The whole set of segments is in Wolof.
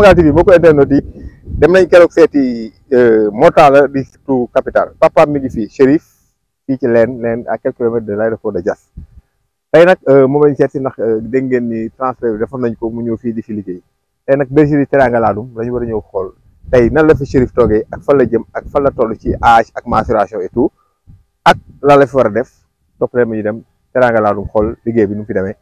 Samagal ko mbokk internet yi dem nañ keroog seeti euh, Mortalla di surtout capital papaam mi ngi fii Chérif fii ci leen leen ak quelques kilomètres de l'aéroport de Diass tey nag euh, moom lañ seet si ndax euh, dégg ngeen ni transfert bi defoon nañ ko mu ñëw fii di fi liggéey tey nag bergerie Teranga Ladoum lañu war a ñëw xool tey nan la fi Chérif toogee ak fan la jëm ak fan la toll ci âge ak maturation et tout ak lan la fi war a def topp leen ñu dem Teranga Ladoum xool liggéey bi nu fi demee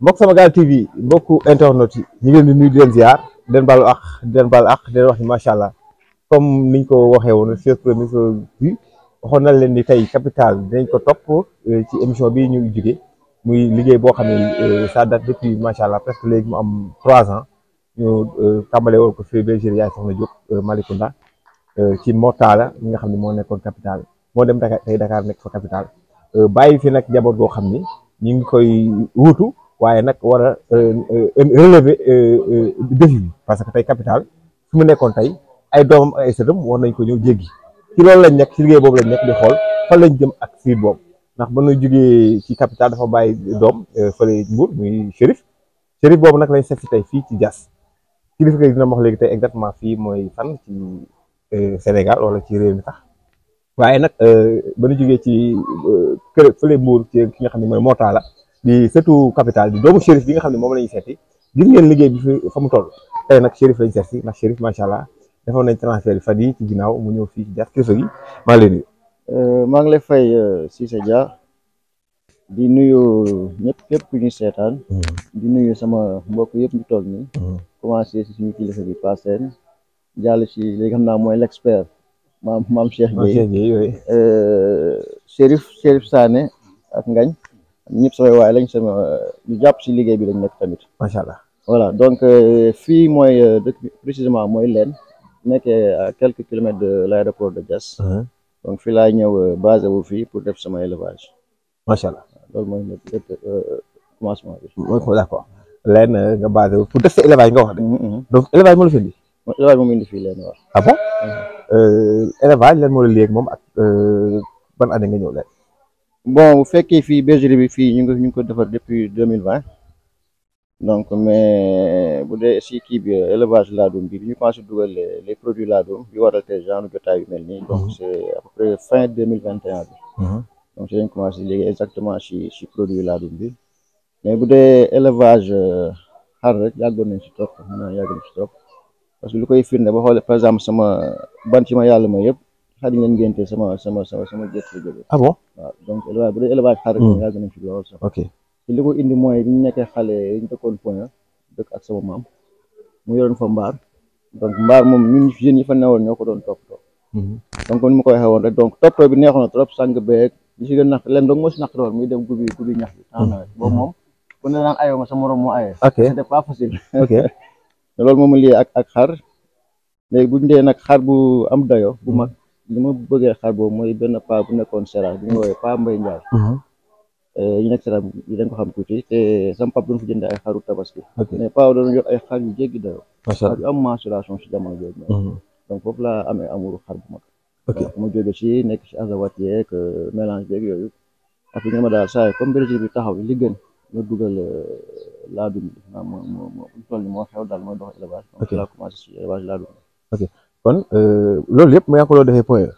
mbokk Samagal TV mbokk internet yi ñu ngi leen di nuyu di leen ziar di leen baalu àq di leen baalu wax ni allah comme niñ ko waxee woon chef premier bi waxoon na leen di tey capital dañ ko topp euh, ci émission bi ñu jóge muy liggéey boo xam ne euh, ça date depuis macha allah presque léegi mu am trois ans ñu euh, tàmbale woon ko fii Bergerie Yaay Soxna Diop Malicounda Euh, ci Mortalla mi nga xam ne moo nekkoon capitale moo dem Dakar tey Dakar nekk fa capitale euh, bàyyi fi nag njaboot goo xam ni ñu ngi koy wuutu waaye nag war a euh, relever défi bi parce que tey capitale fi mu nekkoon tey ay doomam ay sëtam war nañ ko ñëw jéggi ci lañ nekk ci liggéey boobu lañ nekk xool fan lañ jëm ak siit ndax ba nu jógee ci capitale dafa bàyyi doom fële Mbour boobu nag lañ seet tey fii ci Diass kilifa gi dina léegi tey exactement fii mooy fan ci. Euh, Sénégal wala ci réew mi tax waaye nag euh, ba ñu jógee ci euh, kër fële mbuur ci ki nga xam ne mooy Mortalla di sëtu capital di doomu shérif bi nga xam ne moom la ñu seeti gis liggéey bi fi fa mu toll tey si ndax shérif macha allah defoon nañ transfert fan yi ci ginnaaw mu ñëw fii ci Dia kilifa gi maa ngi lay fay Cissé Dia di nuyu ñëpp képp ku ñu seetaan. Hmm. di nuyu sama mbokk yëpp ñu toog nii. Hmm. commencé si suñu kilifa bi Paa Sène jàll ci li nga xam naa mooy l'expert maam maam Cheikh Gueye euh, Chérif Chérif Sané ak Ngañ ñëpp samay waaye lañ sama jàpp si liggéey bi lañ nekk tamit macha allah voilà donc euh, fi mooy euh, dëkk bi précisément mooy leen nekkee à quelques kilomètres de l'aéroport de Diass uh-huh. donc fi laa ñëw basé wu fii pour def sama élevage macha allah loolu mooy lépp commencement bi d'accord leen nga basé pour def sa élevage nga wax de mm-hmm. donc élevage moo la fi indi élevage moom indi fii leen waaw. ah bon élevage mhm. euh, lan moo la léegi moom ak euh, ban année nga ñëw leen. bon bu fekkee fii bergerie bi fii ñu ngi ñu ko defar depuis deux mille vingt donc mais bu dee si kii bi élevage laadum bi bi ñu commencé dugal les produits laadum bi waral te a te yu mel nii mhm. donc c' est à peu près fin deux mille vingt et un bi. Mhm. donc ci lañ commencé léegi exactement si si produit laadum bi mais bu dee élevage euh, xar rek yàggoon nañ si trop xam naa yàggoon parce que lu koy firnde ba xoole par exemple sama bant ma yàlla may yëpp xar yi ngeen sama sama sama sama jëf la ah donc élevage bu dee élevage xar hmm. yàgg li ko indi mooy bi ñu nekkee xale yi ñu mu yoroon fa mbaar donc mbaar moom ñun jeunes yi fa newoon ñoo ko doon toppatoo hmm. donc ni ma woon rek donc bi neexoon na trop sàng beeg ñu si gën naq leen donc moo si naq muy dem gubi gubi bi temps hmm. ah, boobu moom ku ne naan ayoo ma sa morom moo ayee c'était facile loolu moom lii ak ak xar léegi bu ñu xar bu am dayo bu mag li ma bëggee xar boobu mooy benn paa bu nekkoon sera bu ñu woowee paa Mbay Njaay mhm. eh, ñu nekk sera yi dañ ko xam tuuti te sama pap doon ko jëndee ay xaru tabaski mais paa doon jox ay xar yu jéggi dayo am mensuration si jamono jooju noonu mhm. donc foofu laa amee amuru xar bu mag ma jóge si nekk si azawat yeeg euh, mélange beeg yooyu ak yi nga ma daal saa comme Belgique bi taxaw li gën nga dugal euh, laadum def naa moo moo moo toll nii moo xew daal mooy dox élevage. ok donc laa commencé si élevage laadum. ok kon euh, loolu yëpp yaa ko doon defee point e.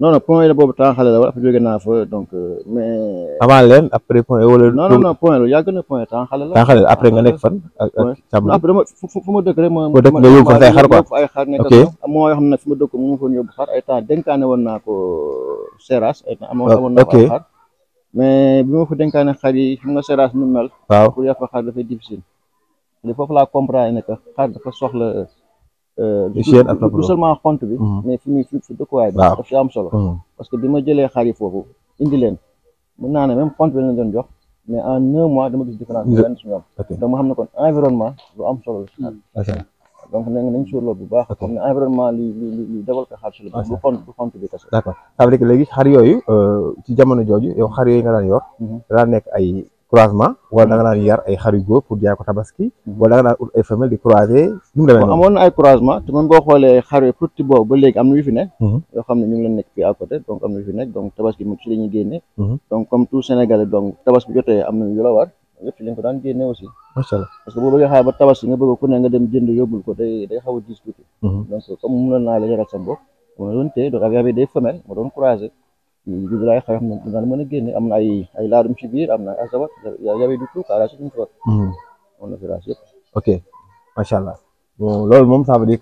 non non point e la boobu a xale la wala après jóge donc euh, mais. avant leen après point e wala. non non point la xale la. temps xale la après nga nekk fan. ak ak càmm ma dëkk rek ma. fa ay xar quoi ay moo yoo xam ne fu ma dëkk mu ma xar ay temps dénkaane woon naa ko Seras ay temps oh, ko xar. mais bi ma fa dénkaane xar yi xam nga séraas nu mel. waaw pour yàq xar dafay difficile. mais foofu laa comprendre ne que xar dafa soxla. Euh, hygiène ak non seulement xont bi. Mm-hmm. mais fi muy fi dëkkuwaay bi. waaw daf am solo. Mm-hmm. parce que bi ma jëlee xar yi foofu indi leen mën naa ne même xont bi lañ doon jox mais en un mois dama gis différence. benn si ñoom. donc ma xam ne kon lu am solo la. donc nañ nañ suurloo bu ne environnement xar bi kese. d' accord ça veut xar yooyu euh, ci jamono jooju yow xar yooyu nga daan yor. Mhm. daan nekk ay croisement wala da nga mhm. daan yar ay xar yu pour jaay ko tabaski. Mhm. wala da nga daan ut ay di croiser. nu mu demee noonu amoon ay croisement te même boo xoolee xar yi tuuti boobu ba léegi am na yu fi nekk. yoo xam ne ñu ngi leen nekk fii à côté donc am na yu fi donc tabaski mu ci la génne. donc comme tout Sénégalais donc tabaski jotee am na yu yëpp ci lañ daan génne aussi. parce que boo bëggee xaar ba tabaski nga bëgg ku ne nga dem jënd yóbbul ko day day xaw a mhm. donc comme mënoon naa la yaral sa bopp ma doon téye donc a bi day femelle ma doon croisé jiw bi laay xayma daan mën a génne a virage yëpp. allah loolu moom ça veut dire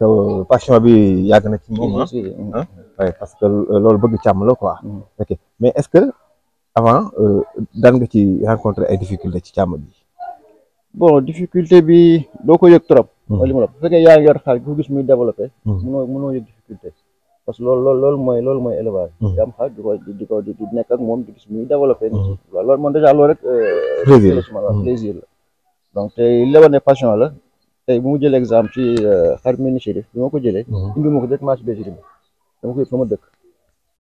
passion bi yàgg na ci moom a parce que euh, loolu bëgg càmm la quoi. Mhm. mais est avant euh, daan nga ci rencontré ay difficulté ci càmm bi. bon difficulté bi doo ko yëg trop. Hmm. wala li ma la bu fekkee yaa ngi yor xaalis ko gis muy développé. Hmm. mënoo mënoo yëg difficulté. parce que loolu loolu loolu mooy loolu mooy élevage. Hmm. di am xaalis di ko moom di gis muy développé. waaw loolu moo dèjà loolu rek. Euh, plaisir la plaisir la. donc tey li la wane passion la tey bu mu jëlee exemple ci euh, xar mi ni Chérif bi ma ko jëlee. indi ma ko directement ci bergerie bi dama ko yëg fa ma dëkk.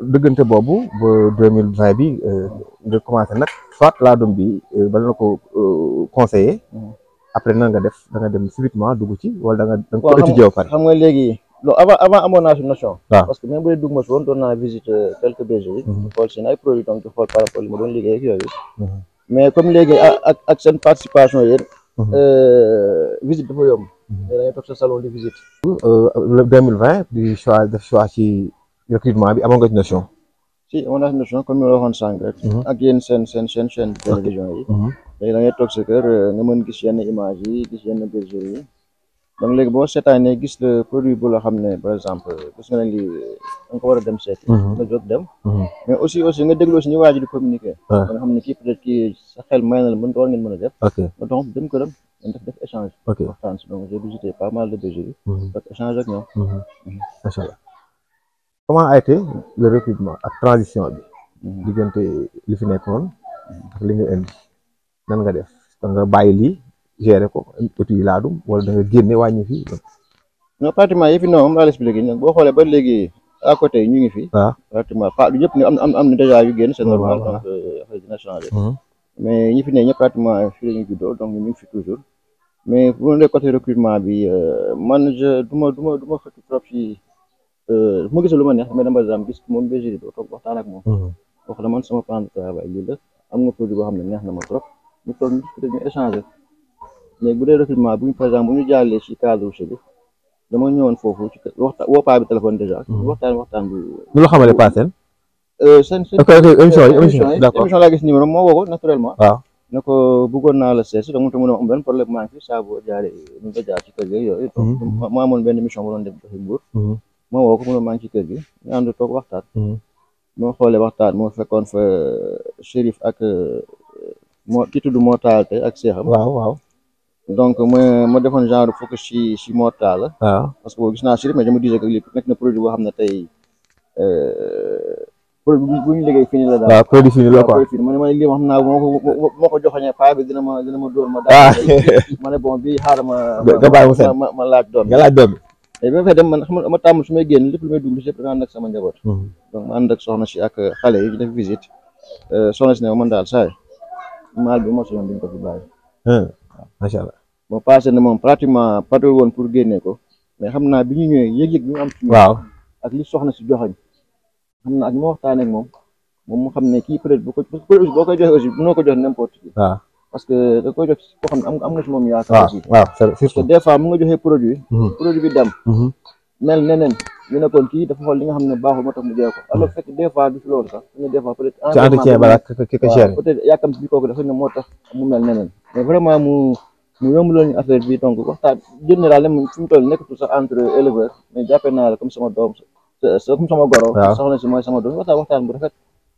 dëggante boobu ba deux mille vingt bi euh, nga commencé nag soit laadum bi euh, bala na ko euh, conseiller mm. après nan nga def da nga dem subitement dugg ci wala da nga da nga ko étudier a pare xam nga léegi loolu avant avant amoon naa si notion parce que même bu dee dugg ma si woon doon naa visite quelques bergeries mm-hmm. xool seen ay produits donc xool par rapport li ma doon liggéey ak yooyu mm-hmm. mais comme léegi ak ak seen participation yéen mm-hmm. visite dafa yomb da ngay toog sa salon di visite deux recrutement bi amoon nga ci notion. si amoon naa ci rek. Mhm. ak yéen seen seen seen chaîne télévision yi. Mhm. léegi da ngay toog sa kër euh, nga mën gis yenn image yi gis yenn bergerie yi donc léegi boo seetaanee gis le produit bu la xam ne par exemple gis nga ne lii nga ko war a dem seeti. Mhm. nga jóg dem. mais aussi nga déglu si ñu waaj di communiquer. waaw nga xam ne kii peut être kii sa xel may na la def. ok donc dem donc j'ai visité pas mal de bergerie. donc échange ak ñoom. comment a été le recrutement ak transition bi. Mhm. diggante li fi nekkoon. ak li nga indi nan nga def da nga bàyyi lii gérer ko ëttu yi laadum wala da génne wàññi fi. non pratiquement yëpp non moom laa la boo xoolee ba léegi à côté ñu ngi fi. waaw ah. pratiquement fa ñëpp am am na déjà yu génn c'est normal donc affaire dina changé. Mhm. mais ñi fi ne ñëpp pratiquement fii ngi fi toujours mais bu ma nee côté recrutement bi euh, man je du ma du ma du ma fekk bu ma gisul lu ma neex mais dama daan gis moom bergerie bi na ma trop ñu toog bu dee recrutement bu ñu par exemple bu ñu jàllee ci cadre bi dama ñëwoon foofu ci waxtaan woo bi téléphone déjà. waxtaan waxtaan bi. ñu la xamale pas seen. seen seen émission yi émission yi d'accord émission laa gis numéro moo ko naturellement. waaw ne ko bëggoon naa la seet si donc mu ne ma am benn problème bu doon def joxe ma woo ko mu ne maa ngi ci kër gi ñu ànd waxtaan. moo mm-hmm. xoolee waxtaan moo fekkoon fa shérif euh, ak euh, moo ki tudd moo ak seexam. waaw waaw. donc ma ma defoon genre focus ci ci moo taal. Ah. parce que boo gis naa shérif mais je me disais que lii nekk na produit boo xam ne tey euh, produit bu ñu liggéey fini la daal. waaw produit fini la quoi produit ma ne ma naa moo ko moo bi dina ma dina ma dóor ma. daal ah. ma ne bon bii xaaral ma. ma laaj doon bi bi. mais bi ma fay dem ma tàmm su may génn lépp lu ma dugg lépp dama ànd ak sama njaboot. Hmm. ma ànd soxna si ak euh, xale yi ñu def visite euh, soxna si ne ma man daal saay maal bi ma soxla duñ ko fi bàyyi. Hmm. macha allah moo passé na moom pratiquement pare woon pour génnee ko mais xam naa bi ñu ñëwee yëg-yëg bi mu am. waaw ak li soxna si joxañ waxtaanee ak moom moom mu xam ne kii peut être ko boo koy joxe aussi ko jox n'importe qui. waaw parce que da koy jox koo xam ne am mu nga joxee mm-hmm. produit bi dem mm-hmm. mel neneen ñu ne kon kii dafa xool li nga xam ne baaxul moo tax mu jëlee ko alors mm-hmm. ne moo tax mu mel neneen mais vraiment mu mu yombaloon ñu affaire bi donc waxtaan général même fi mu toll nekkatu sax entre éleveur mais jàppee naa la comme sama doom sa comme sama goro soxna si mooy sama doom waxtaan waxtaan bu rafet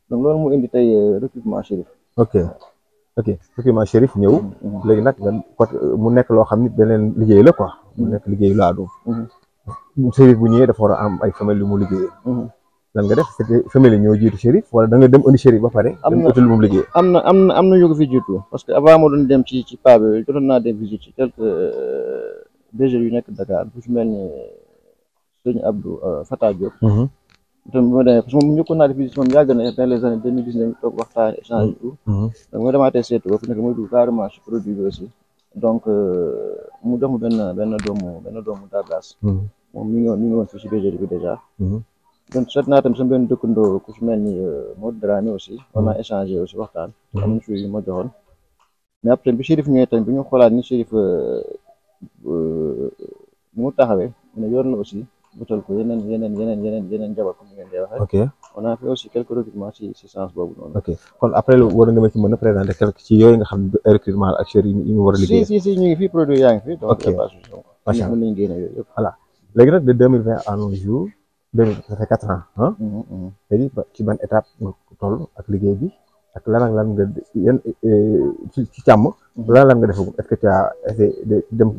donc loolu mu indi tey euh, recrutement Chérif ok document shérif ñëw. Mm-hmm. léegi nag mu nekk loo xam ni beneen liggéey la ko mu nekk liggéey laa doon. Mm-hmm. shérif bu ñëwee dafa war am ay famille lu mu liggéeyee. Mm-hmm. lan nga def c'était famille ñoo jiitu shérif wala da dem indi shérif ba pare. am na lu mu am na am na am na ñu ko fi jiitu parce que avant ma doon dem ci ci paa bi jotoon naa dem visite ci quelques DG euh, yu nekk Dakar bu ci mel ni euh, sëñ Abdou euh, Fata Diop. donc bu ma demee parce que moom njëkkoon naa def visite moom yàgg na dans les années deux mille dix neuf toog waxtaan échange et tout. donc ma demaatee seetu nekk donc mu jox ma benn benn doomu benn doomu Dargaas. moom mi ngi woon ngi woon fii si bergerie bi déjà. donc seet naa tam sama benn dëkkandoo ku si mel ni Modou Dramé aussi. on a aussi waxtaan. am na suy ma joxoon. mais après bi Chérif ñëwee tamit bi ñu xoolaat ni Chérif mu taxawee ne yor na aussi. wutal ko yeneen yeneen yeneen yeneen yeneen jabar comme ni ngeen di waxee. ok a fait aussi quelques recrutements ci ci sens kon après war nga mën a présenter quelque ci yooyu nga xam ne ak a si yooyu yëpp. voilà léegi nag de mm-hmm, mm-hmm. ban étape nga toll ak liggéey bi ak lan ak lan nga yan euh, ci càmm. Mm-hmm. lan lan nga defagum est-ce que tu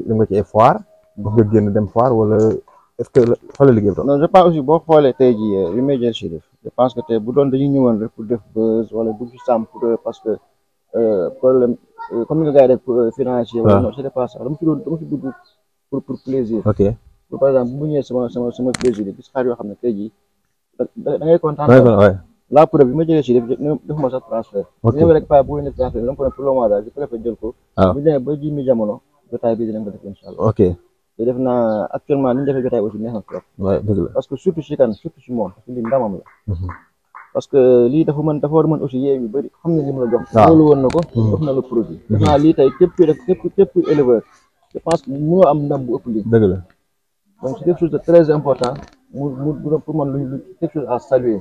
dem nga ci foire. nga génn dem foire wala. est-ce que fa la liggéey non je pense aussi boo xoolee tey jii li may jël si def je pense que tey bu doon dañuy ñëwoon rek pour def buzz wala bu fi sàmm pour euh, parce que euh, problème euh, comme ni de gars yi def financier. waaw ah. non c'est pas ça dama fi doon dama fi dugg pour plaisir. par exemple bu mu ñëwee sama plaisir gis xaar yoo xam ne tey jii da da ngay kontaan. la preuve bi ma jëlee si def defuma sax transfert. ok ñëw rek pas bu ñu def transfert pour le moment daal je te def naa actuellement li ñu defee jotaay aussi neex na parce que surtout si kan surtout si moom parce que lii ndamam la. Mm-hmm. parce que lii dafa mën dafa war a mën aussi yéen yu bëri xam nañ li ma la jox. waaw ah. loolu woon na ko. Mm-hmm. jox na la produit. def mm-hmm. naa lii tey képp kuy def képp képp kuy éleveur je pense que mënoo am ndam bu ëpp lii. dëgg la donc c'est quelque chose de très important mu mu pour man lu quelque à saluer.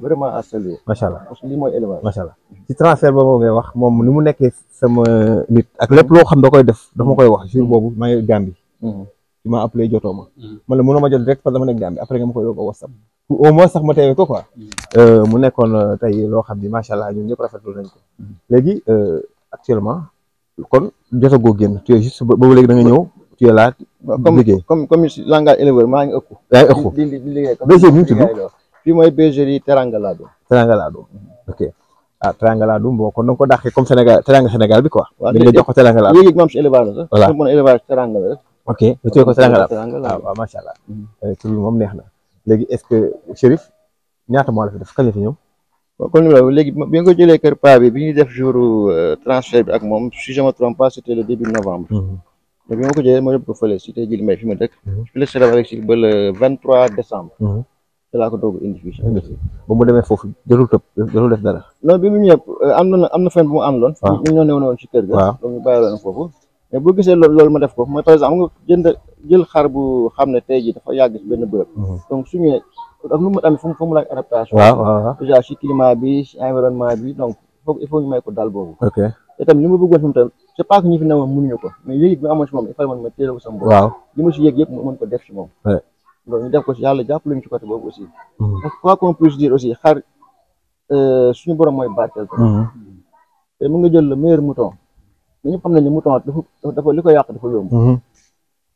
vraiment à saluer. macha allah parce que lii moo élevage. macha allah ci transfert boobu wax moom ni mu nekkee sama nit ak lép loo xam da koy def dafa ma koy wax jour boobu maa ngi Gambie. ci hmm. ma appelé jotoo ma. Hmm. man la mënoo ma jot direct parce que dama nekk Gambie après nga ma koy doog a WhatsApp. au moins sax ma teewee ko quoi. Hmm. Euh, euh, loo xam ni macha allah ñun ñëpp rafetlu ko. léegi euh, actuellement kon jotagoo génn tu es juste ba ba léegi da nga ñëw. tu es là liggéey comme comme comme langage éleveur maa ngi ëpp. yaa ngi ëpp di di liggéey fii mooy bergerie Teranga Ladoum. Teranga Ladoum ok ah Teranga Ladoum boo kon na ko dàqee comme Sénégal Teranga Sénégal bi quoi. waaw dégg nga jox ko Teranga Ladoum léegi si élevage sax. ma mën la rek. Ah, mhm. eh, moom neex na léegi est-ce que Chérif ñaata moo la fi def kañ la fi ñëw. léegi bi nga ko jëlee kër paa bi bi ñuy def jour euh, transfert bi ak moom si je me trompe pas c'était le début novembre. Mhm. bi ma ko jëlee ma yóbbu ko fële cité Djily fi mu dëkk. Mhm. fi la célébré ba le 23 décembre. laa ko doog ba mu demee foofu jarul tëb jarul def dara. non bi mu ñëw euh, am na am na fen bu mu àndaloon. waaw ah. ñu ñoo newoon kër ga. waaw donc loolu ma def ko mooy par exemple nga jënd jël bu xam ne tey jii dafa yàgg benn bërëb. Mhm. donc su ñëwee ak lu mu amee fu bi ci environnement bi may ko daal boobu. ok te tamit ko mais yëg bi amoon ci moom il faut que ma téeloo ko sama bopp. waaw li ma si yëg yëpp mën ko def ci moom. loolu ñu def ko ci yàlla jàppale ñu ci côté boobu aussi. donc hmm. quoi qu'on puisse dire aussi xar euh, suñu borom mooy bàcceel. Hmm. te mu nga jël le meilleur mouton. mais ñëpp xam nañu ne mouton dafa dafa li ko yàq dafa yomb. Hmm.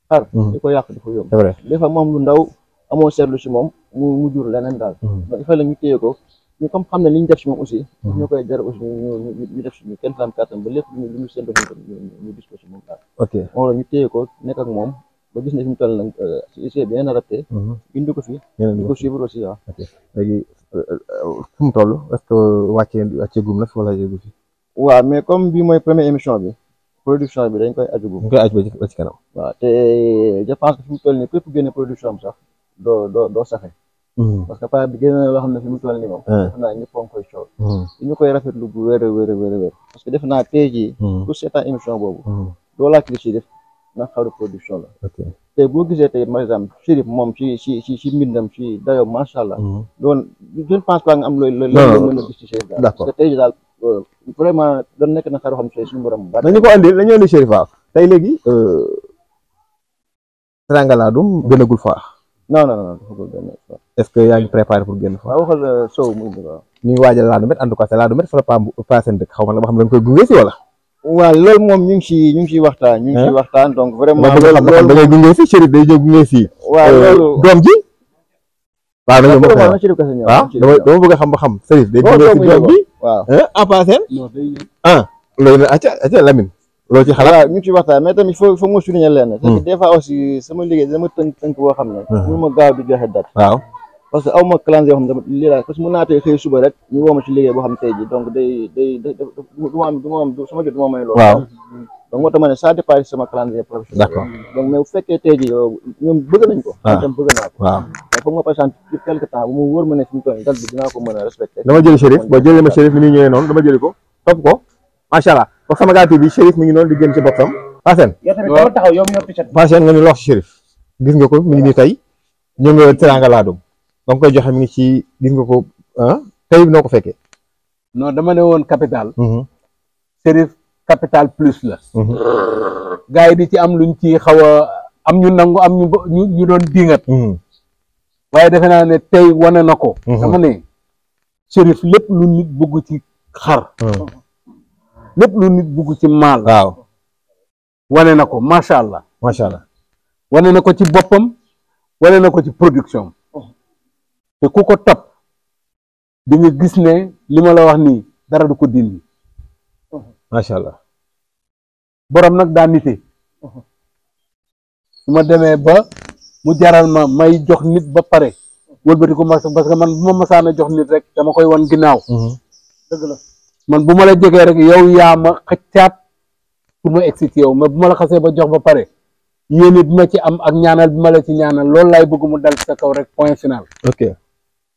xar li ko yàq dafa yomb. c'est vrai des fois moom lu ndaw amoo seetlu moom mu mu jur leneen daal. donc il faut la ñu ko ñu comme xam ne li ñu def ci moom aussi. ñu koy jar aussi ñu ñu def suñu kenn kàttan ba lépp lu ñu lu ñu séntu ñu ñu gis ko ci daal. ok moom. ba gis na fi mu toll nag euh, mhm. ko fi. di ko suivre aussi waaw. ok léegi euh, euh, fu mu toll est-ce que wàccee wàccee fi wala mais comme bii mooy première émission bi. production bi dañ koy aju gum. dañ koy aju ba ci kanam. waaw te je pense que fi mu toll nii production bi sax doo doo doo saxe. Mhm. parce que paa bi génne na loo xam ne fi mu toll nii moom. Eh. defe naa ñëpp a ngi koy coow. Mhm. ñu koy rafetlu bu weer a weer a wér naa tey jii. pour seetaan émission boobu. doo laaj li def. naqaru production la tey boo gisee tey par exemple Chérif moom ci ci ci ci mbindam ci dayoo macha allah mhm. doon je ne pense nga am looy looy mën a gis daal parce que euh, nekk na xaru xam si suñu borom ba nañu ko andi nañu andi Chérif waaw tey léegi euh, Trangalaadum gënagul faax non non non dafa gën a est ce que yaa ngi préparé pour génn fa waaw waxal euh, waajal Ladoumène en tout cas Ladoumène fa la pa passeen dëkk xaw ma la ba xam ne dañ koy gunge si wala waa loolu moom ñu ngi ci ñu ngi ciy waxtaan waxtaan donc vraiment loolu loolu da gunge fii Chérif day jóg gunge fii. waaw euh, loolu doom ji. waaw da nga ma ko waaw dama bëgg a xam ba xam Chérif day oh, gunge bi waaw à part seen loolu nag acca acca Lamine loolu ci xalaat waaw ñu ciy waxtaan tamit foo foo ma souligner leen hmm. c'est que des fois aussi sama liggéey dama tënk tënk boo xam ne. Hmm. pour ma gaaw di joxe date waaw parce que aw ma clans yoo xam ne suba rek ñu woo ma ci liggéey boo xam tey donc day day du ma am du ma am sama jot du ma may loolu. waaw donc moo sama calendrier professionnel. ko. waaw ah. tam bëgg naa ko. waaw mu ko mën a respecté. dama jëli Chérif boo jëlee ma ngi ñëwee bi Chérif mi ngi noonu di génn ci boppam. Pasen yow tamit dama taxaw yow mi yor t-shirt. Pasen gis nga ko mi ngi nii tey nga teranga laa dum ba koy joxe mi ngi ci gis nga ko ah tey noo ko fekke non dama ne woon capital. Cherif mm-hmm. capital plus la. Mm-hmm. gars yi di ci am luñ ci xaw a am ñu nangu am ñu doon doon diingat. Mm-hmm. waaye defe naa ne tey wane na ko. dama ne Cherif lépp lu nit bugg ci xar. Mm. lépp lu nit bugg ci maal. wane na ko macha allah. macha allah wane na ko ci boppam wane na ko ci production te ku ko topp di nga gis ne lima la wax ni dara du ko dindi macha allah borom nak da nité suma démé ba mu jaral ma may jox nit ba paré wolbeuti ko parce que man buma ma jox nit rek dama koy wan ginnaaw mhm. man bu la jégué rek yow ya ma xëccat pour ma excité yow ma bu la xasee ba jox ba pare yéene bima ci am ak ñaanal bima la ci ñaanal lool lay bëgg mu dal ci kaw rek point final okay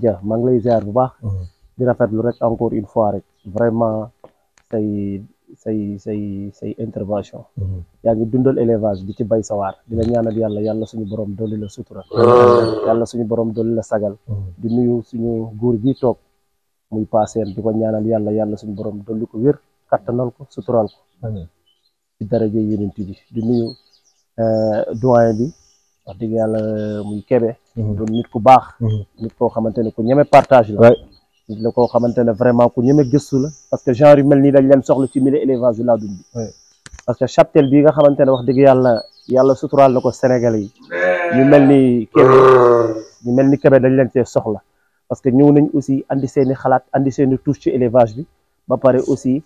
ja hmm. ya, maa ngi lay ziar bu baax. Hmm. di rafetlu rek encore une fois rek vraiment say say say say intervention. Hmm. ya ngi dundal élevage di ci bay sawar di la ñaanal yalla yalla suñu borom doli la sutura. Ah. yalla suñu borom doli la sagal. di nuyu suñu goor gi tok muy passer di ko ñaanal yalla yalla suñu borom doli ko wër kattanal ko sutural ko. ci daraje yeneen di nuyu eh, doyen bi wax dëgg yalla eh, muy Kébé. Mhm. doon nit ku baax mhm. nit ko xamantene ne ku ñeme partage la nit la ko xamantene vraiment ku ñeme gëstu la parce que genre yu mel nii dañ leen soxla ci milieu élevage bi laa dund bi parce que cheptel bi nga xamantene wax dëgg yalla yalla sutural lako sénégalais yi ñu melni ni Kébé ñu melni ni Kébé dañ leen ci soxla parce que ñew nañ aussi andi seen i xalaat andi seen touche ci élevage bi ba paré aussi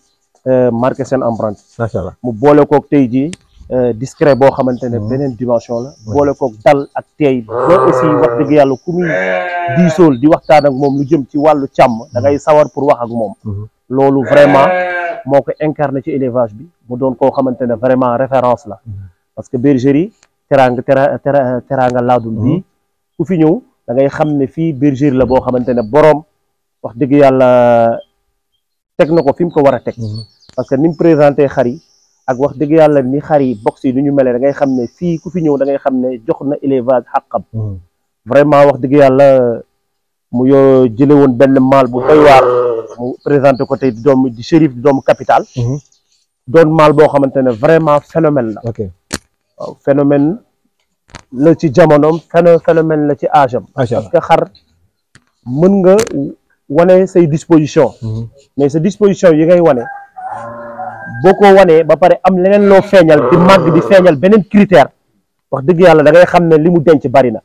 euh marqué seen empreinte macha allah mu bolé ko tay ji Euh, discret boo xamante ne mm-hmm. beneen dimension la boole ko dal ak teey ba aussi wax dëgg yàlla ku muy diisool di waxtaan ak moom lu jëm ci wàllu càmm da ngay mm-hmm. sawar pour wax ak moom mm-hmm. loolu vraiment moo ko incarné ci élevage bi mu doon koo xamante ne vraiment référence la parce que bergerie teraanga tera teraanga laadum bi ku fi ñëw da ngay xam ne fii bergerie la boo xamante ne boroom wax dëgg yàlla teg na ko fi mu ko war a teg parce que ni mu présenté ak wax deug yàlla ni xar yi box yi duñu melé da ngay xamné fi ku fi ñëw da ngay xamné jox na élevage haqam vraiment wax deug yàlla mu yo jële won benn mal bu doy war mu présenter côté du dom du di shérif di doomu capital don mal bo xamantene vraiment phénomène la ok phénomène la ci jamonom phénomène la ci ajam parce que xar mën nga wone say disposition mais sa disposition yi ngay wone boo ko wanee ba pare am leneen loo feeñal di màgg di feeñal beneen critère wax dëgg yàlla dangay xam ne li mu denc bari na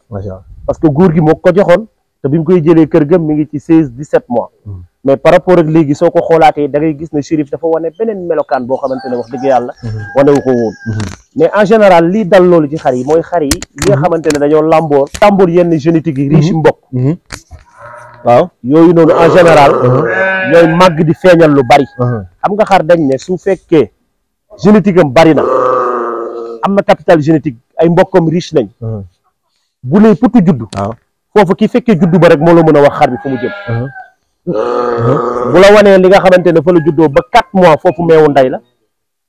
parce que góor gi moo ko joxoon te bi mu koy jëlee kër gëm mi ngi ci seize dix-sept mois mm. mais par rapport ak léegi soo ko xoolaatee dangay gis ne Chérif dafa wane beneen melokaan boo xamante ne wax dëgg yàlla mm-hmm. wane wu ko woon mm-hmm. mais en général lii dal loolu ci xar yi mooy xar yi li nga mm-hmm. xamante ne dañoo làmboor tàmboor yenn génétique yi riche mbokk waaw yooyu noonu en général uh-huh. ñooy mag di feeñal lu bari uh-huh. xam nga xar dañ ne su fekkee génétique am bari na am capital génétique ay mbokkam riche nañ uh-huh. bu lay putu juddu foofu ki fekkee juddu ba rek moo la mën a wax xar bi fu mu jëm bu la wanee li nga xamante ne fa la juddoo ba quatre mois foofu meewu ndey la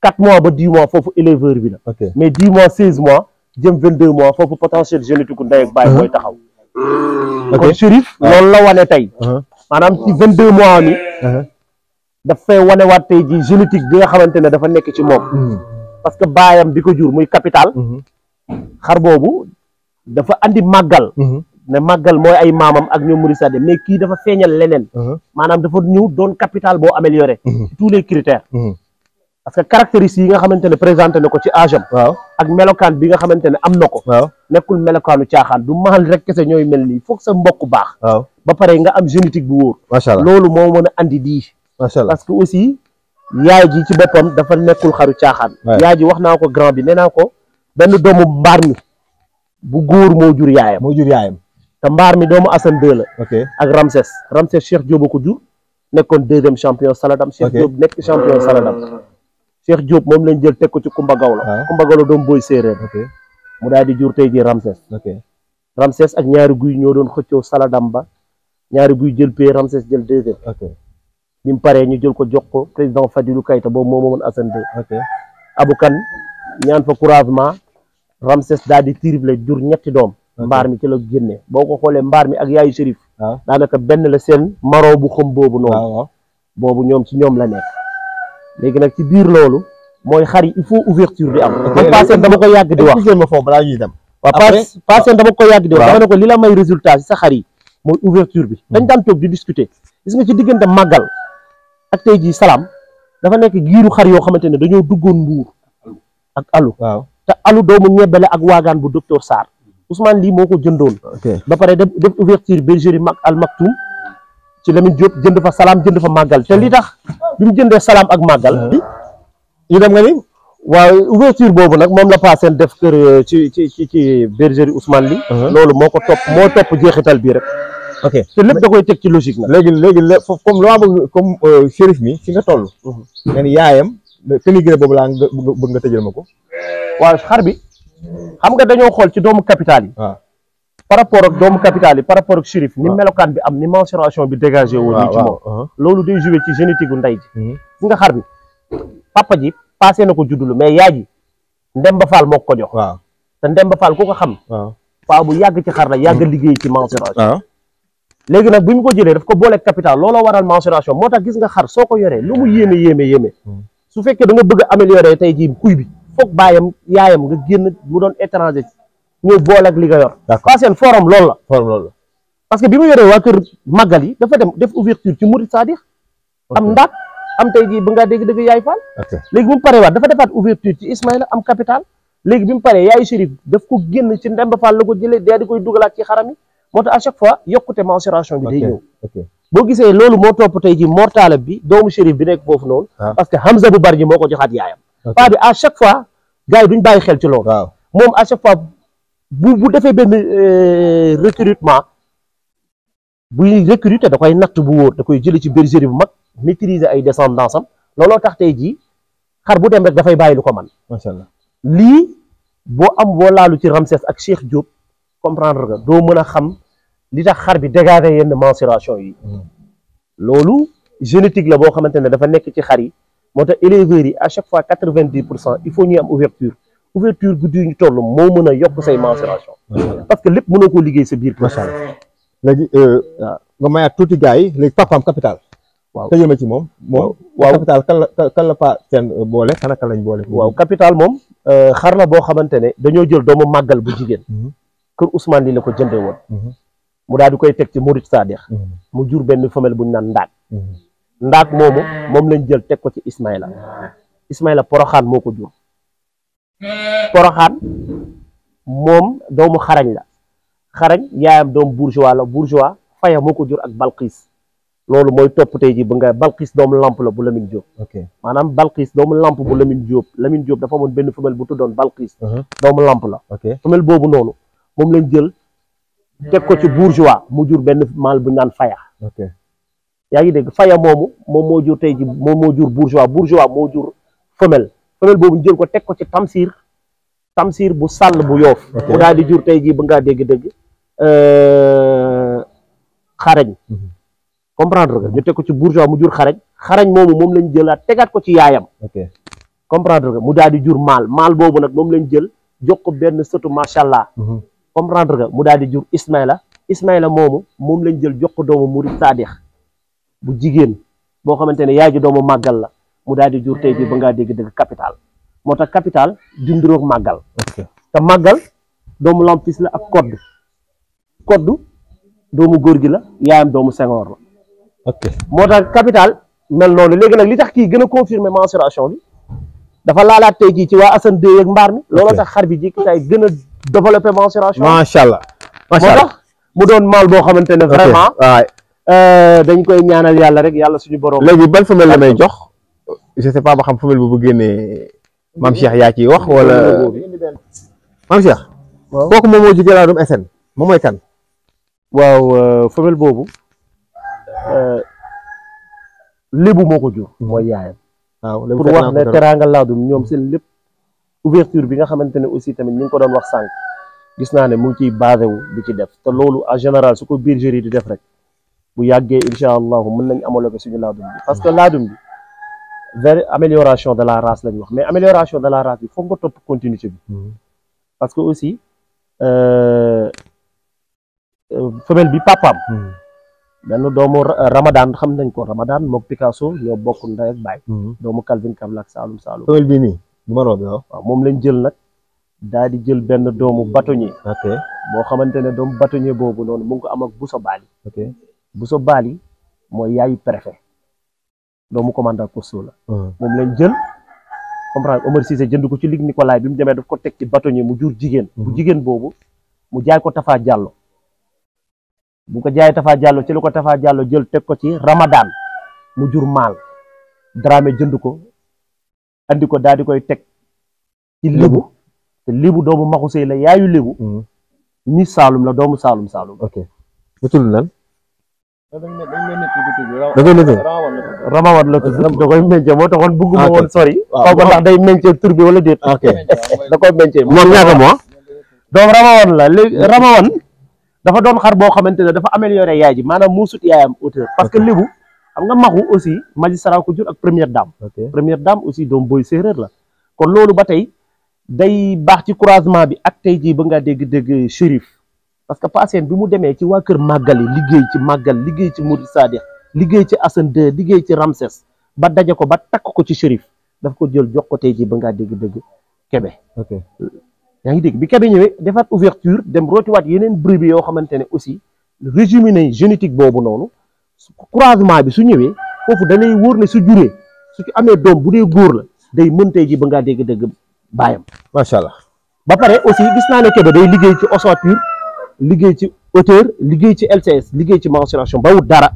quatre mois ba dix mois foofu éleveur bi la mais dix mois seize mois jëm vingt mois foofu potentiel génétique u ak baay mooy taxaw kon Chérif ah. loolu la wane tey uh-huh. maanaam ci vingt deux mois mi uh-huh. daf fay wanewaat tey ji génétique bi nga xamante ne dafa nekk ci moom hmm. parce que baayam bi ko jur muy capital hmm. xar boobu dafa indi màggal hmm. ne màggal mooy ay maamam ak ñoom Mouride Sadé mais kii dafa feeñal leneen uh-huh. maanaam dafa ñëw doon capital boo amélioré tous les critères parce que caractéristiques yi nga xamante ne présenté na ko ci âge ak melokaan bi nga xamante ne am na ko waaw nekkul melokaanu caaxaan du maal rek kese ñooy mel nii foog sa mbokk baax waaw ba pare nga am génétique bu wóor loolu moo mën a andi dii macha parce que aussi yaay ji ci boppam dafa nekkul xaru caaxaan yaay ji wax naa ko grand bi nee naa ko benn doomu mbaar mi bu góor moo jur yaayam moo jur yaayam mbaar mi doomu Assane la ak Ramsès Ramsès Cheikh Diop a ko jur nekkoon deuxième champion Saladam Cheikh Diop nekk Cheikh Diop mom lañ jël teg ci Kumba Gawlo ah. Kumba Gawlo doom ok mu daal di jur tay ji Ramses Ramses ak ñaari guuy ñoo doon Sala Saladamba ñaari guuy jël pay Ramses jël deuxième ok mu paré ñu jël ko jox ko président Fadilou bo boobu moo moomoon Assane ok Abou ñaan fa couragement Ramses daal di tirible jur ñetti doom mbar mi ci la génne boko xolé mbar mi ak yaayu Chérif ah. daanaka ben la sen maro bu xam bobu non ah, bobu ñom ci ñom la nekk légui nak ci biir lolu moy xari il faut ouverture bi am man passé dama ko yàgg di wax ma foofu balaa ñuy dem waaw passé dama ko yàgg di wax dama ne ko lila may résultat ci sa xari moy ouverture bi dañ hmm. dan tok di discuter gis nga ci digënde magal ak tey jii dafa nek giiru xar yo xamantene dañu duggon duggoon ak alu ta alu doomu ñebale ak wagan bu docteur sar. Ousmane li moko jëndoon ba paré def ouverture bergerie mak al Maktoum ci Lamine Diop jënd fa salaam jënd fa màggal te li tax bi mu jëndee salaam ak màggal ah. ñu dem nga ni waaw ouverture boobu nag moom la paaseen def kër euh, ci ci ci ci bergerie Ousmane li ah. loolu moo ko topp moo topp jeexital bii rek ok te lépp da koy teg ci logique nag léegi léegi foofu comme loo bëgg comme euh, shérif mi fi nga toll mhm. nga ni yaayam pénigré boobu laa bëgg nga tëjal ma ko waaw xar bi xam nga dañoo xool ci doomu capital yi ah. par rapport ak doomu capital yi par rapport ak shérif ni melokaan bi am ni mensuration bi dégagé woon ni ci moom uh-huh. loolu day joué ci génétique gu ndey ji mm-hmm. su nga xar bi papa ji passé na ko juddulu mais yaay ji Ndemba Fall moo ko jox te Ndemba Fall ku ko xam paa bu yàgg ci xar na yàgg mm-hmm. liggéey ci mensuration léegi nag bi ñu ko jëlee daf ko boole capital looloo waral mensuration moo tax gis nga xar soo ko yoree lu mu yéeme yéeme yéeme mm-hmm. su fekkee da nga bëgg a améliorer tey jii kuy bi foog baayam yaayam nga génn mu doon étranger ñëw boole ak li nga yor. d'accord la. forum que bi mu yoree waa kër màggal yi dafa dem def ouverture ci Murid Sadix am ndaat am tey jii nga dégg dëgg yaay Fall. léegi bi mu paree waat dafa defaat ouverture ci Ismaïla am capital léegi bi mu paree yaay Chérif daf ko génn ci Ndemba Fall la ko jëlee daa di koy dugalaat ci xaram yi moo tax à chaque fois yokkute mensuration bi day ñëw. boo gisee loolu moo topp tey ji mortale bi doomu Chérif bi nekk foofu noonu. Ah. parce que Hamza bu Bargny moo ko joxaat yaayam. paa bi à chaque fois Vous bu defee euh, recrutement Vous recruter ci bergerie bu maîtriser ay descendance vous xar bu dem rek Vous lu ko man allah le Ramsès vous, Cheikh comprendre Vous vous. a xam dégagé yenn Vous yi hmm. génétique la Vous xamante fait dafa vous, vous avez yi moo vous. à chaque fois quatre il faut vous. ouverture ouverture guddi yi ñu moo mën a yokk say mensuration ah, parce que lépp mënoo ko liggéey sa biir macha allah léegi euh, nga mayaat tuuti gars yi léegi papaam capital waaw tëjee ma ci moom moom waaw capital kan la kan seen euh, boole kan lañ boole waaw capital moom euh, xar la boo xamante ne dañoo jël doomu màggal bu jigéen mm-hmm. kër Ousmane lii la ko jëndee woon mm-hmm. mu daal di koy teg ci Murit Saadix mm-hmm. mu jur benn femelle bu ñu naan ndaat ndaat moomu moom lañ jël teg ko ci Ismaïla Ismaïla Poroxaan moo ko poroxaan moom doomu xarañ la xarañ yaayam doom bourgeois la bourgeois faya moo ko jur ak balxiis loolu mooy topp tey ji ba nga balxiis doomu lamp la bu Lamine Diop maanaam balxiis doomu lamp bu Lamine Diop Lamine Diop dafa amoon benn femelle bu doon balxiis uh-huh. doomu lamp la femelle boobu noonu moom lañ jël teg ko ci bourgeois mu jur benn mâle bu naan faya yaa ngi dégg faya moomu moom moo jur tey ji moom moo jur bourgeois bourgeois moo jur femelle femelle boobu ñu jël ko teg ko ci tamsiir tamsiir bu sàll bu yoof mu daal di jur tey jii ba ngaa dégg-dégg euh, xarañ mhm. comprendre nga ñu teg ko ci bourgeois mu jur xarañ xarañ moomu moom lañ jëlaat tegaat ko ci yaayam comprendre nga mu daal di jur maal maal boobu nag moom lañ jël jox ko benn sëtu macha allah. Mhm. comprendre nga mu daal di jur Ismaïla Ismaïla moomu moom lañ jël jox ko doomu Murid Saadix bu jigéen boo xamante ne yaay ji doomu màggal la mu daal di jur tey jii ba ngaa dégg dëgg capital moo tax capital dindiroog màggal te màggal doomu lampis la ak kodd kodd doomu góor gi la yaayam doomu sengoor la moo tax capital mel noonu léegi nag li tax kii gën a confirmer mensuration bi dafa laalaat tey jii ci waa Assane Deye ak mbaar mi looloo tax xar bi jikki a développé mensuration macha allah moo tax mu doon maal boo xamante ne vraiment euh, dañ koy ñaanal yàlla rek yàlla suñu borom léegi ban femelle la may jox je sais pas ba xam bu bu génnee mam Cheikh ya ci wax wala mam Cheikh. waaw kooku moom moo jugee laadum SN moom mooy kan. waaw bobu euh lébu moko ko jur. mooy yaayam. waaw lébu pour wax ne la dum ñom seen lépp ouverture bi nga xamantene aussi tamit ñu ko doon wax sank gis na ne mu ci basé wu bi ci def te lolu en général su ko bergerie di def rek bu yagge inshallah mën nañ amolo ko suñu laadum bi parce que laadum bi. vers amélioration de la race la ñu wax mais amélioration de la race bi foog nga topp continuité bi hmm. parce que aussi euh, euh, femelle bi papaam hmm. benn doomu Ramadan xam nañ ko Ramadan mook Picasso ñoo bokk ndey ak baay hmm. doomu Calvin Kablak Saalum Saalum femelle bi nii bu ma roobee waaw moom lañ jël nag daal di jël benn doomu bâtonnier ok boo xamante ne doomu bâtonnier boobu noonu mu ngi ko am ak Bousso Bali Bousso Bali mooy yaayu préfet doomu commandant Kosso la. Hmm. moom lañ jël comprendre Omar Cissé jënd ko ci Ligue Nicolas bi mu demee daf ko teg ci bâtonnier mu jur jigéen. bu hmm. jigéen boobu mu jaay ko tafaa Diallo. bu ko jaayee Tafa Diallo ci la ko tafaa Diallo jël teg ko ci Ramadan mu jur maal Dramé jënd ko andi ko daal di koy teg. ci libu te libu doomu Maxusey la yaayu libu. Hmm. ni Saalum la doomu Saalum Saalum. ok lu da la tudd da koy meñcee moo taxoon bugguma ah, woon sori. Ah, waaw ba ndax day meñcee tur bi wala déet. ok da koy dafa doon xar boo xamante ne dafa amélioré yaay ji maanaam mu sut yaayam auteur parce que lébu xam nga maxu aussi magistrat ko jur ak première dame. première dame aussi doom booy séeréer la kon loolu ba tey day baax ci croisement bi ak tey jii ba ngaa dégg-dégg shérif. parce que Paaseen bi mu demee ci waa kër màggali liggéey ci màggal liggéey ci Murid Saadix liggéey ci Assane II liggéey ci Ramses ba daje ko ba takk ko ci shérif daf ko jël jox ko tey jii ba ngaa dégg dégg Kébé. ok yaa ngi dégg bi Kébé ñëwee defaat ouverture dem rootiwaat yeneen brebis yoo xamante ne aussi régime ne génétique boobu noonu croisement bi su ñëwee foofu danay wóor ne su juree su ci amee doom bu dee góor la day mën tey jii ba ngaa dégg dëgg baayam. macha allah ba pare aussi liggéey ci ossature. liggéey ci hauteur liggéey ci LCS liggéey ci mensuration bawut dara.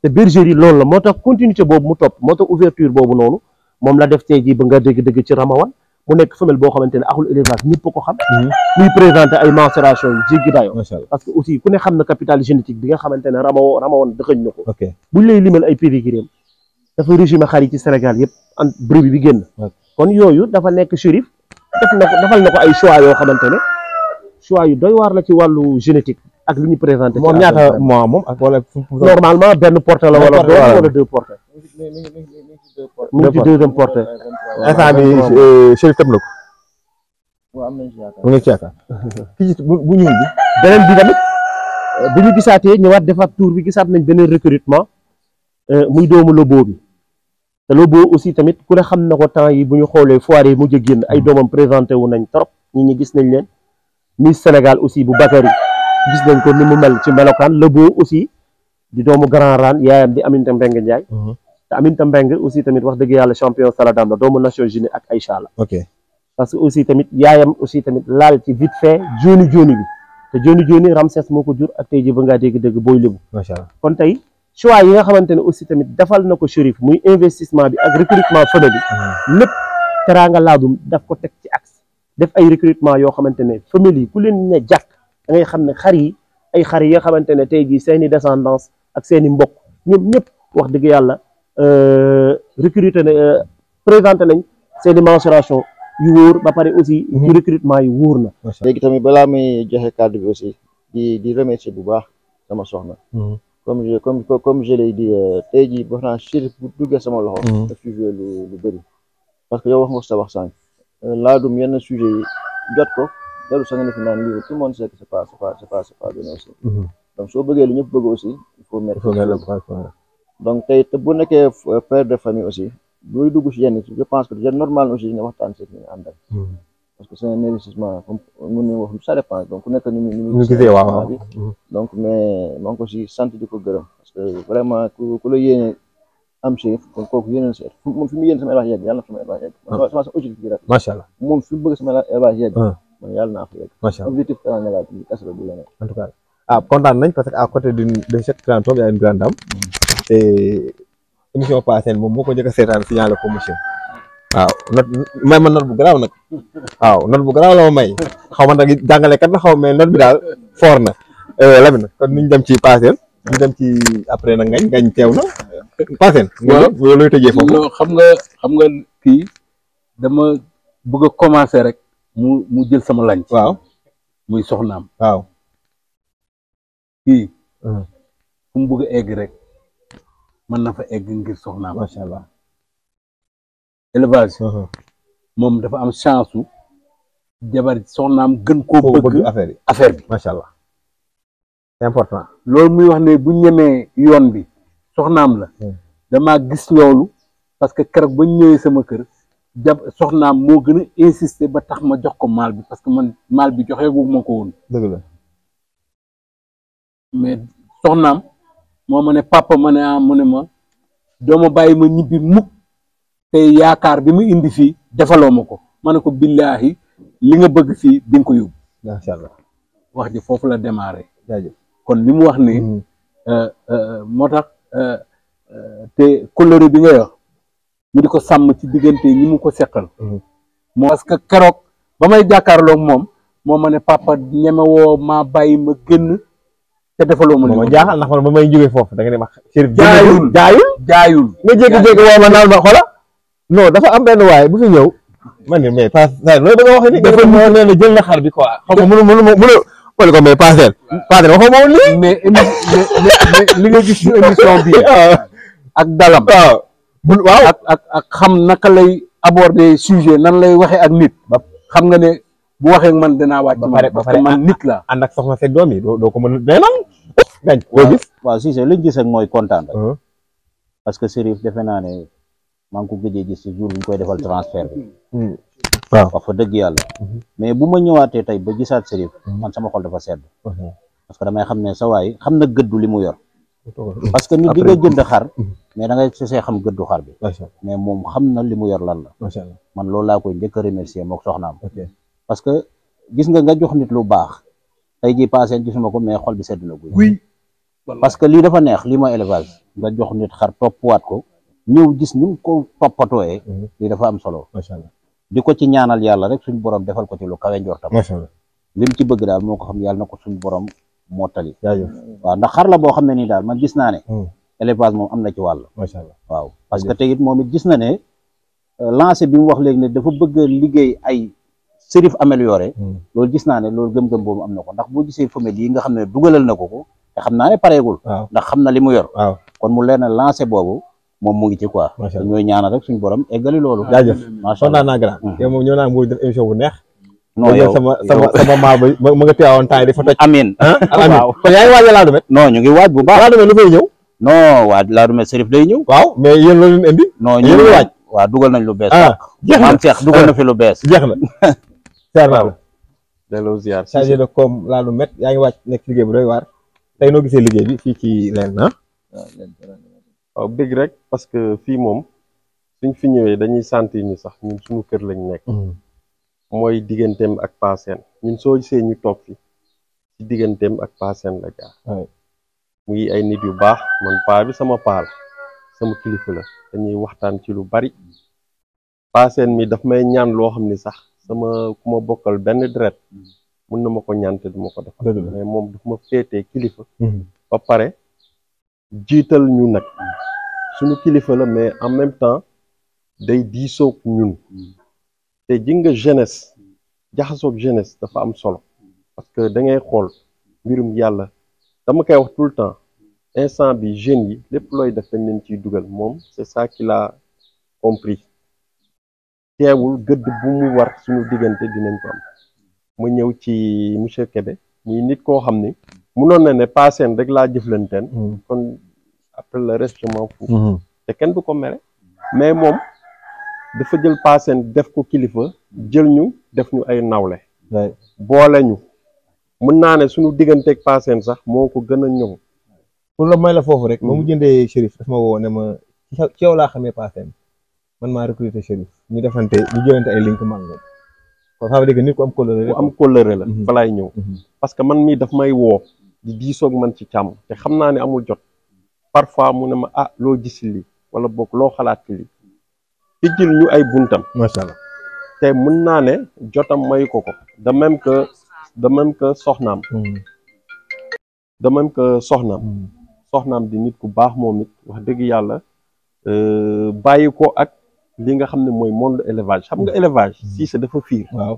te bergerie loolu la moo tax continuité boobu mu topp moo tax ouverture boobu noonu moom la def tey jii ba nga dégg-dégg ci Ramawan mu nekk femelle boo xamante ne axul élevage ñëpp ko xam. Mhm. muy présenté ay mensuration yu jéggi dayoo. parce que aussi ku ne xam na capital génétique bi nga xamante ne Ramawan Ramawan dëxëñ na ko. buñ lay limal ay pédigrés dafa régime xar ci Sénégal yëpp en bi yoo xamante ne. choix yu waar la ci wàllu génétique ak li ñu présenté. moom ñaata mois moom ak wala. normalement benn portée la wala. wala deux portées. mi ngi ci deuxième portée. instant bi euh, Chérif na ko. am nañ ci yaakaar bu bu bi. beneen bi tamit euh, bu ñu gisaatee ñëwaat defaat tour bi gisaat nañ beneen recrutement euh, muy doomu lobo bi te lobo aussi tamit ku ne xam na ko temps yi bu ñu xoolee foire yi mujj génn ay doomam présenté wu nañ trop ñu ñi gis nañ leen. Miss Sénégal aussi bu Bakary gis nañ ko ni mu mel ci melokaan Lebo aussi di doomu Grand Rane yaayam di Aminta Mbengue Ndiaye. Mhm. te Aminta Mbengue aussi tamit wax dëgg yàlla champion Saladam la doomu Nations Unies ak Aïcha la. ok parce que aussi tamit yaayam aussi tamit laal ci vite fait jooni jooni bi te jooni jooni Ramses moo ko jur ak tey jii ba ngaa dégg-dégg booy Lebu. kon tey choix yi nga xamante ne aussi tamit defal na ko Chérif muy investissement bi ak recrutement fële bi. Mhm. lépp ko teg def ay recrutement yoo xamante ne famille yi ku leen ne jàkk da ngay xam ne xar yi ay xar yi nga xamante ne tey jii seen i descendance ak seen i mbokk ñoom ñëpp wax dëgg yàlla euh, recruter na euh, présenté nañ seen i mensuration yu wóor ba pare aussi mhm. ci recrutement yi wóor na léegi tamit balaa may joxe cadre bi aussi di di remercier bu baax sama soxna mhm. comme je comme comme je l'ai dit euh, tey jii bu duggee sama loxo mhm. daf ci lu lu bëri parce que yow wax nga sa wax sànq laadum yenn sujet yi jot ko dellu sa nga defi naan livre tout le monde sait que c'est pas c'est pas c'est pas c'est pas bien aussi mhm. donc soo bëggee li ñëpp bëgg aussi il faut mettre donc tey te bu nekkee père de famille aussi buy dugg si yenn je pense que c'est normal aussi nga waxtaan si ñu àndal mhm. parce que c'est un investissement comme mun nañu wax ça dépend donc ku nekk ni mu ni mu gisee waaw bi mhm. donc mais maa ngi ko si sant di ko gërëm parce que vraiment ku ku la yéene am chérif moom fi mu yéen sama élevage yegg yàlla moom fi mu bëgg sama élevage yegg man yàlla naa fa la bi kasala du leneen en tout cas ah kontaan nañ parce a moom moo ko njëkk a seetaan signalé ko monsieur waaw not may ma not bu garaaw nag waaw not bu garaaw la ma may xaw ma nag jàngalekat la xaw ma not bi daal foor na Lamine kon niñ dem ci passée ñu dem ci après na ngañ na. Pathène. waaw looy tëjee xam nga xam nga kii dama bëgg a commencer rek mu mu jël sama lañ. muy soxnaam. waaw. kii. Hmm. fu bugg bëgg egg rek mën na fa egg ngir soxnaam. macha allah élevage. Hmm. moom dafa am chance su. jabar soxnaam gën koo bëgg affaire bi affaire bi macha important loolu muy wax ne bu ñemee yoon bi soxnaam la hmm. damaa gis loolu parce que keroog ba ñëwee sama kër jab soxnaam moo gën a insister ba tax ma jox ko maal bi parce que man maal bi joxee gu ma ko woon dëgg la mais soxnaam moo ma ne papa ma ne ah mu ne ma dooma bàyyi ma ñibbi mukk te yaakaar bi mu indi fii defaloo ma ko ma ne ko billaahi li nga bëgg fii di nga ko yóbbu wax ji foofu la démarré kon li mu wax nii mm. euh, euh, moo tax euh, te kóllëre bi ngay wax ñu di ko sàmm ci diggante ñi mu ko seqal mm-hmm. moo parce que keroog ba may jàkkaarloog moom moo ma ne papa ñemewoo maa bàyyi ma génn te defaloo ma. ma jaaxal ndax man ba may jógee foofu da nga ne ma. jaayul jaayul jaayul. nga jékki-jékki woo ma dafa am benn waaye bu ñëw. man de mais pas loolu da ni. dafa nee na jël na xar bi quoi. xam nga mënu mënu wala ko mais Paa Sène. Paa Sène waxoo ma woon lii. mais gis ñu bi ak dalam. waaw ak ak xam naka lay aborder sujet nan lay waxee ak nit. ba xam nga ne bu waxee man dinaa wàcc. ba pare man nit la. ànd ak soxna Seck yi doo doo ko mën a delloo. dañ koo gis waaw si c'est li gis ak mooy kontaan parce que Serif defe naa ne maa ngi ko gëjee gis ci jour bi koy defal transfert waaw wax fa dëgg yàlla mhm. mais bu ma ñëwaatee tey ba gisaat Cherif mhm. man sama xol dafa sedd mhm. parce que damay xam ne sa waay xam na gëddu li mu yor parce que nit di nga jënd xar mais da ngay sosee xam gëddu xar bi mais moom xam na li mu yor lan la man loolu laa koy njëkk a remercier mook soxnaam parce que gis nga nga jox nit lu baax tey ji passé gisuma ko mais xol bi sedd na guy parce que lii dafa neex lii ma élevage nga jox nit xar waat ko ñëw gis ni ko toppatooyee lii dafa am solo di ko ci ñaanal yàlla rek suñ borom defal ko ci lu kawe tam macha allah lim ci bëgg daal moo ko xam yàlla na ko suñ borom mottali. jaajëf waaw ndax xar la boo xam ne nii daal man gis naa ne. Hmm. élevage moom am na ci wàll. macha allah waaw parce que te it moom it gis na ne euh, lancé bi mu wax léegi ne dafa bëgg liggéey ay sérif amélioré. Hmm. loolu gis naa ne loolu gëm-gëm boobu am na ko ndax boo gisee femelle yi nga xam ne dugalal na ko ko te xam naa ne pareegul. ndax xam na li mu yor. kon mu leen lancé boobu moom mu ngi ci quoi. macha allah ñooy rek suñu borom eggali loolu. Ah, jaajëf macha allah naa grand. Hmm. yow moom ñoo naan mooy def émission bu neex. non yow sama sama ba ma nga teewoon temps yi di fa toj. amiin amiin ah, kon yaa waaj a Ladoumé. non ñu ngi waaj bu baax Ladoumé lu fay ñëw. non waa Ladoumé Serif day ñëw. waaw mais yéen la leen indi. ñu ngi waaj waaw dugal nañ lu bees. ah jeex na maam Cheikh fi lu bees. jeex na ziar naa la. delloo ziar chargé de com Ladoumé yaa ngi waaj nekk liggéey bi doy waar tey noo gise liggéey bi fii ci lenn ah. ah big rek parce que fi mom suñ fi ñëwé dañuy sentir ñu sax ñun suñu kër lañ nekk moy mm-hmm. digëntem ak Paaseen ñun so gisee ñu toog fi ci digëntem ak Paaseen la jaar muy ay nit yu baax man pa bi sama paa sama kilifa la dañuy waxtaan ci lu bari Paaseen mi daf may ñaan lo xamni sax sama kuma bokal ben dret mën mm-hmm. na mako ñaan te duma ko def mais mom duma fété kilifa mm-hmm. ba pare jiital ñu nak suñu kilifa la mais en même temps day diisoog ñun té ji nga jeunesse jaxasoog jeunesse dafa am solo parce que da ngay xol mbirum yalla dama kay wax tout le temps instant bi jeune yi lepp loy def dañ leen ciy dugal moom c'est ça qu'il a compris teewul gëdd bu mu war suñu digënté dinañ ko am ma ñëw ci monsieur Kébé muy nit koo xam ni munoon na ne paaseen rek laa jëflanteen mm. kon après la reste je m'en fous mhm. te kenn du ko mere mais moom dafa jël paasen def ko kilifa jël ñu def ñu ay nawle boole ñu mën naa ne suñu digganteeg paasen sax moo ko gën a ñëw pour la may la foofu rek ma mu mm. jëndee Chérif daf ma woo ne ma ci yow laa xamee paasen man maa recruté Chérif ñu defante ñu jëlante ay link mango kon ça veut dire que nit ku am colère la am colère la mhm. fa laay ñëw mhm. parce que man mii daf may woo di diisoog man ci càmm te xam naa ne amul jot parfois mu ne ma ah loo gis lii wala boog loo xalaat lii tijjil ñu ay buntam. macha allah te mun naa ne jotam mayu ko ko de même que de même que soxnaam. Hmm. de même que soxnaam. Hmm. soxnaam di nit ku baax moom it wax dëgg yàlla euh, bàyyi ko ak li nga xam ne mooy monde élevage xam nga hmm. élevage si sa dafa fiir. waaw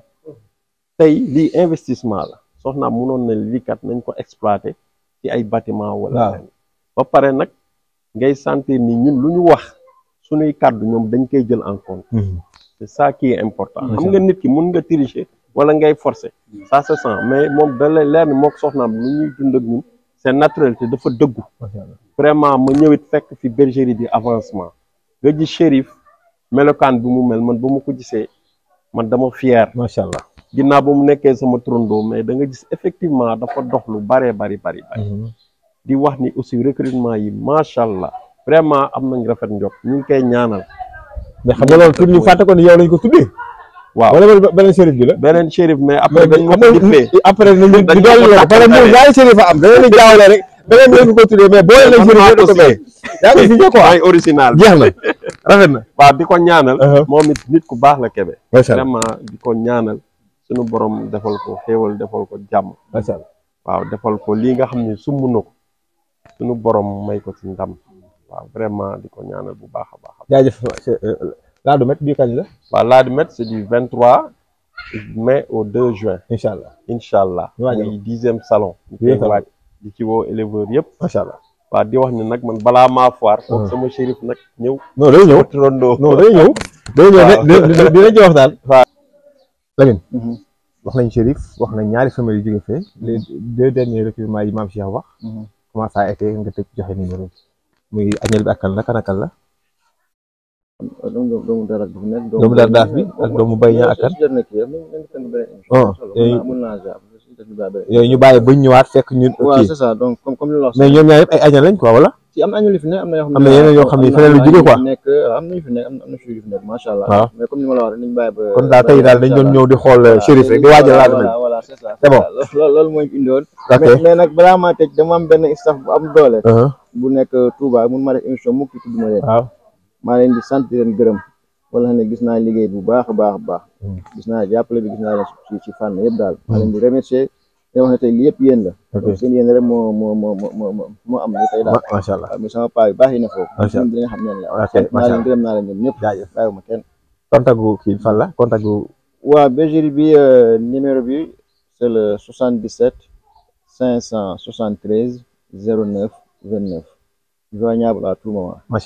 tey lii investissement la soxnaam munoon na lii kat nañ ko exploité ci ay batiment wala. ba pare nag ngay sentir ni ñun lu ñu wax suñuy kàddu ñoom dañ koy jël en compte hmm. c'est ça qui est important hmm. xam nga nit ki mun nga tricher wala ngay forcer hmm. ça se sent mais moom da lay leer ni moo ko soxnaam lu ñuy dund ak ñun c'est naturel dafa dëggu vraiment ma ñëwit fekk fi bergerie bi avancement nga ji Chérif melokaan bi mu mel man ba ma ko gisee man dama fier macha allah ginnaaw ba mu nekkee sama turandoo mais da nga gis effectivement dafa dox lu baree bari bari bari di wax ni aussi recrutement yi macha allah vraiment am nañ rafet njot ñu ngi koy ñaanal. mais xam nga loolu pour ñu fàtte ko ni yow lañ ko tuddee. waaw wala beneen shérif bi la. beneen shérif mais après dañ ko tuddee après dañ am da leen di jaawale rek beneen lañ ko tuddee mais boo leen shérif yëpp ko jeex na rafet na. waaw di ko ñaanal. Uh-huh. moom it nit ku baax la Kébé. macha allah di ko ñaanal sunu borom defal ko xéewal defal ko jàmm. macha waaw defal ko lii nga xam ne sumb na ko suñu borom may ko ci ndam waaw vraiment di ko ñaanal bu baax a baax. a euh, laa du met bii kañ la. waa laa du met c'est du 23 mai au 2 juin. incha allah incha allah. muy dixième salon. di ci woo éleveurs yëpp. macha allah waaw di wax ne nag man balaa maa foire. foog ah. sama shérif nag ñëw. non day ñëw non day ñëw. day ñëw dinañ ci waxtaan. Mm-hmm. wax nañ shérif wax nañ ñaari femelles yu jóge fee. deux derniers recrutements yi maam Cheikh wax. Mm-hmm. comment ça a été nga tëj joxe numéro bi muy añel bi ak kan la kan ak kan la. doomu dara bi doomu dara daaf bi ak doomu bay ña ak kan. Oh, ñu bàyyi ba ñëwaat fekk ñun. mais ñoom ñaar ay añel lañ quoi wala. ci am nañu li fi ne am na yoo xam ne am na yeneen yoo xam ne feneen lu jóge quoi nekk am na fi ah. mais comme ni ma la wax nañ bàyyi ba kon daal tey daal dañ ñëw di xool Chérif rek di waajal laaj nañ voilà dama am benn staff bu am doole uh-huh. bu nekk Touba mun ma def émission mukk ci tudd ma leen waaw maa leen di sant di leen gërëm wala ne gis naa liggéey bu baax a baax a baax hmm. gis naa jàppale bi gis naa leen ci fànn yëpp daal maa leen di te wax ne tey la. ok seen yéen rek c'est le 77 573 09 29. joignable à tout moment. allah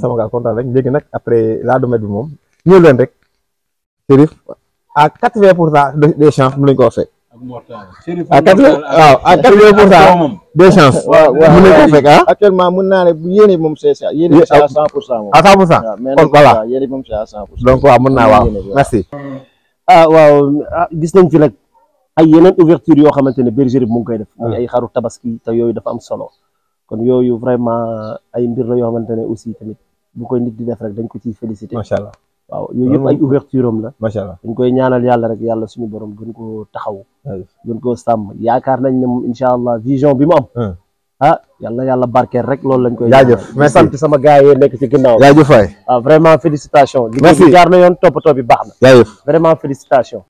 sama rek après la bi ñëw rek. à pour des chances à quatre waaw à quatre pour cent deux chance ah? mën naa ne yéene moom c'est ça yéene c'est à cent pour cent moom à cent pour cent kon voilà yéene moom c'est à cent pour waaw mën naa ah, ah, nañ fi nag ay yeneen ouverture yoo xamante ne bergerie bi mu ngi koy def muy ay xaru tabaski te yooyu dafa am solo kon yooyu vraiment ay mbir la yoo xamante ne aussi tamit bu koy nit di def rek dañ ko ciy féliciter macha allah waaw yooyu yëpp ay ouverture am macha allah dañ koy ñaanal yàlla rek yàlla suñu boroom gën ko taxaw gën koo sàmm yaakaar nañ ne moom incha allah vision bi moom am. ah yal na yàlla barkeel rek loolu lañ koy. jaajëf merci sant sama gars nekk ci ginnaaw. jaajëf waay ah vraiment félicitation. merci liggéey bi jaar na yoon toppatoo bi baax na. jaajëf vraiment félicitation.